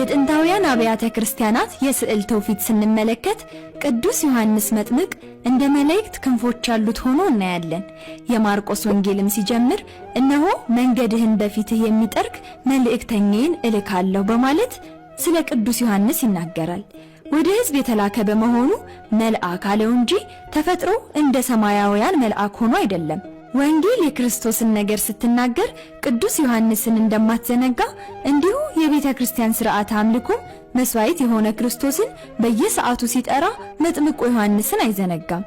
የጥንታውያን አብያተ ክርስቲያናት የስዕል ትውፊት ስንመለከት ቅዱስ ዮሐንስ መጥምቅ እንደ መላእክት ክንፎች ያሉት ሆኖ እናያለን። የማርቆስ ወንጌልም ሲጀምር እነሆ መንገድህን በፊትህ የሚጠርግ መልእክተኛዬን እልካለሁ በማለት ስለ ቅዱስ ዮሐንስ ይናገራል። ወደ ሕዝብ የተላከ በመሆኑ መልአክ አለው እንጂ ተፈጥሮ እንደ ሰማያውያን መልአክ ሆኖ አይደለም። ወንጌል የክርስቶስን ነገር ስትናገር ቅዱስ ዮሐንስን እንደማትዘነጋ እንዲሁ የቤተ ክርስቲያን ሥርዓት አምልኮም መስዋዕት የሆነ ክርስቶስን በየሰዓቱ ሲጠራ መጥምቆ ዮሐንስን አይዘነጋም።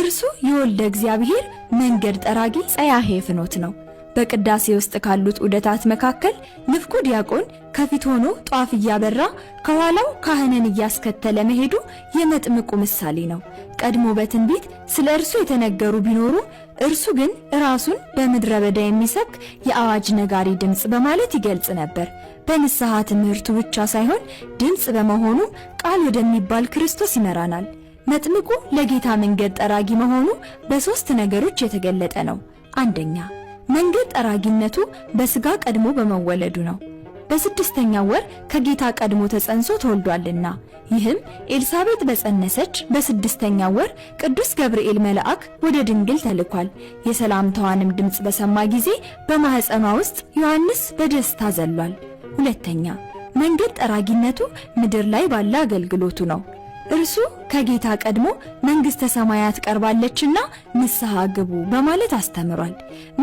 እርሱ የወልደ እግዚአብሔር መንገድ ጠራጊ ጸያሄ ፍኖት ነው። በቅዳሴ ውስጥ ካሉት ዑደታት መካከል ንፍቁ ዲያቆን ከፊት ሆኖ ጧፍ እያበራ ከኋላው ካህንን እያስከተለ መሄዱ የመጥምቁ ምሳሌ ነው። ቀድሞ በትንቢት ስለ እርሱ የተነገሩ ቢኖሩም እርሱ ግን ራሱን በምድረ በዳ የሚሰብክ የአዋጅ ነጋሪ ድምፅ በማለት ይገልጽ ነበር። በንስሐ ትምህርቱ ብቻ ሳይሆን ድምፅ በመሆኑ ቃል ወደሚባል ክርስቶስ ይመራናል። መጥምቁ ለጌታ መንገድ ጠራጊ መሆኑ በሦስት ነገሮች የተገለጠ ነው። አንደኛ መንገድ ጠራጊነቱ በሥጋ ቀድሞ በመወለዱ ነው። በስድስተኛው ወር ከጌታ ቀድሞ ተጸንሶ ተወልዷልና። ይህም ኤልሳቤጥ በጸነሰች በስድስተኛው ወር ቅዱስ ገብርኤል መልአክ ወደ ድንግል ተልኳል። የሰላምታዋንም ድምፅ በሰማ ጊዜ በማኅፀኗ ውስጥ ዮሐንስ በደስታ ዘሏል። ሁለተኛ መንገድ ጠራጊነቱ ምድር ላይ ባለ አገልግሎቱ ነው። እርሱ ከጌታ ቀድሞ መንግሥተ ሰማያት ቀርባለችና ንስሐ ግቡ በማለት አስተምሯል።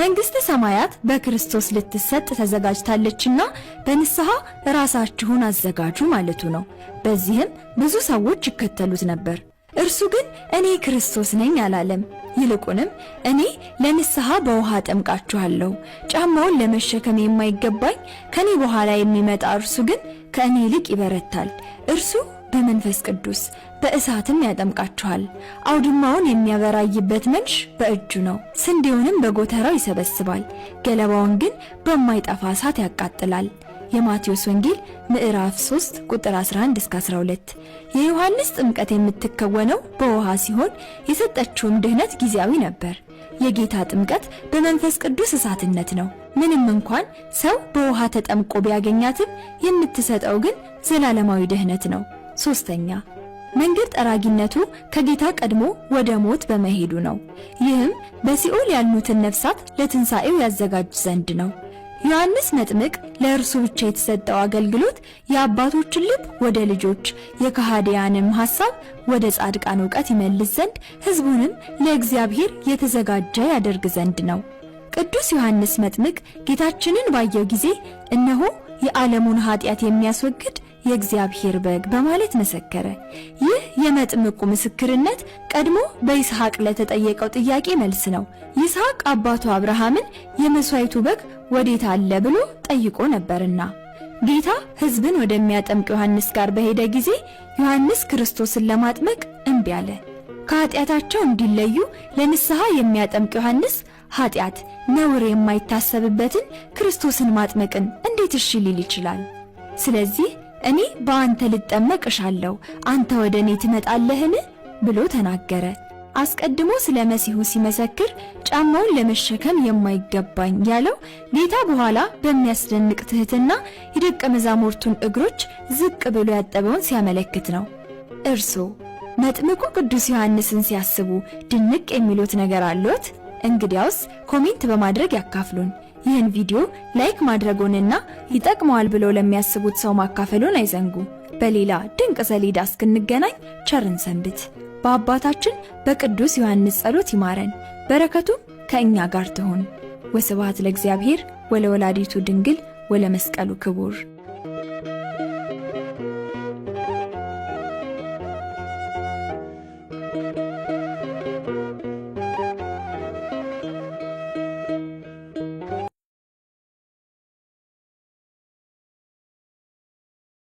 መንግሥተ ሰማያት በክርስቶስ ልትሰጥ ተዘጋጅታለችና በንስሐ ራሳችሁን አዘጋጁ ማለቱ ነው። በዚህም ብዙ ሰዎች ይከተሉት ነበር። እርሱ ግን እኔ ክርስቶስ ነኝ አላለም። ይልቁንም እኔ ለንስሐ በውሃ አጠምቃችኋለሁ፣ ጫማውን ለመሸከም የማይገባኝ ከኔ በኋላ የሚመጣ እርሱ ግን ከእኔ ይልቅ ይበረታል፣ እርሱ በመንፈስ ቅዱስ በእሳትም ያጠምቃችኋል። አውድማውን የሚያበራይበት መንሽ በእጁ ነው። ስንዴውንም በጎተራው ይሰበስባል፣ ገለባውን ግን በማይጠፋ እሳት ያቃጥላል። የማቴዎስ ወንጌል ምዕራፍ 3 ቁጥር 11 እስከ 12። የዮሐንስ ጥምቀት የምትከወነው በውሃ ሲሆን የሰጠችውም ድህነት ጊዜያዊ ነበር። የጌታ ጥምቀት በመንፈስ ቅዱስ እሳትነት ነው። ምንም እንኳን ሰው በውሃ ተጠምቆ ቢያገኛትም የምትሰጠው ግን ዘላለማዊ ድህነት ነው። ሶስተኛ መንገድ ጠራጊነቱ ከጌታ ቀድሞ ወደ ሞት በመሄዱ ነው። ይህም በሲኦል ያሉትን ነፍሳት ለትንሣኤው ያዘጋጅ ዘንድ ነው። ዮሐንስ መጥምቅ ለእርሱ ብቻ የተሰጠው አገልግሎት የአባቶችን ልብ ወደ ልጆች፣ የካሃዲያንም ሐሳብ ወደ ጻድቃን እውቀት ይመልስ ዘንድ ሕዝቡንም ለእግዚአብሔር የተዘጋጀ ያደርግ ዘንድ ነው። ቅዱስ ዮሐንስ መጥምቅ ጌታችንን ባየው ጊዜ እነሆ የዓለሙን ኃጢአት የሚያስወግድ የእግዚአብሔር በግ በማለት መሰከረ። ይህ የመጥምቁ ምስክርነት ቀድሞ በይስሐቅ ለተጠየቀው ጥያቄ መልስ ነው። ይስሐቅ አባቱ አብርሃምን የመስዋይቱ በግ ወዴት አለ ብሎ ጠይቆ ነበርና ጌታ ሕዝብን ወደሚያጠምቅ ዮሐንስ ጋር በሄደ ጊዜ ዮሐንስ ክርስቶስን ለማጥመቅ እምቢ አለ። ከኃጢአታቸው እንዲለዩ ለንስሐ የሚያጠምቅ ዮሐንስ ኃጢአት ነውር የማይታሰብበትን ክርስቶስን ማጥመቅን እንዴት እሺ ሊል ይችላል? ስለዚህ እኔ በአንተ ልጠመቅ እሻለሁ፣ አንተ ወደ እኔ ትመጣለህን? ብሎ ተናገረ። አስቀድሞ ስለ መሲሁ ሲመሰክር ጫማውን ለመሸከም የማይገባኝ ያለው ጌታ በኋላ በሚያስደንቅ ትህትና የደቀ መዛሙርቱን እግሮች ዝቅ ብሎ ያጠበውን ሲያመለክት ነው። እርሶ! መጥምቁ ቅዱስ ዮሐንስን ሲያስቡ ድንቅ የሚሉት ነገር አለዎት? እንግዲያውስ ኮሜንት በማድረግ ያካፍሉን። ይህን ቪዲዮ ላይክ ማድረጎንና ይጠቅመዋል ብለው ለሚያስቡት ሰው ማካፈሉን አይዘንጉ። በሌላ ድንቅ ሰሌዳ እስክንገናኝ ቸርን ሰንብት። በአባታችን በቅዱስ ዮሐንስ ጸሎት ይማረን፣ በረከቱም ከእኛ ጋር ትሆን። ወስብሐት ለእግዚአብሔር ወለወላዲቱ ድንግል ወለመስቀሉ ክቡር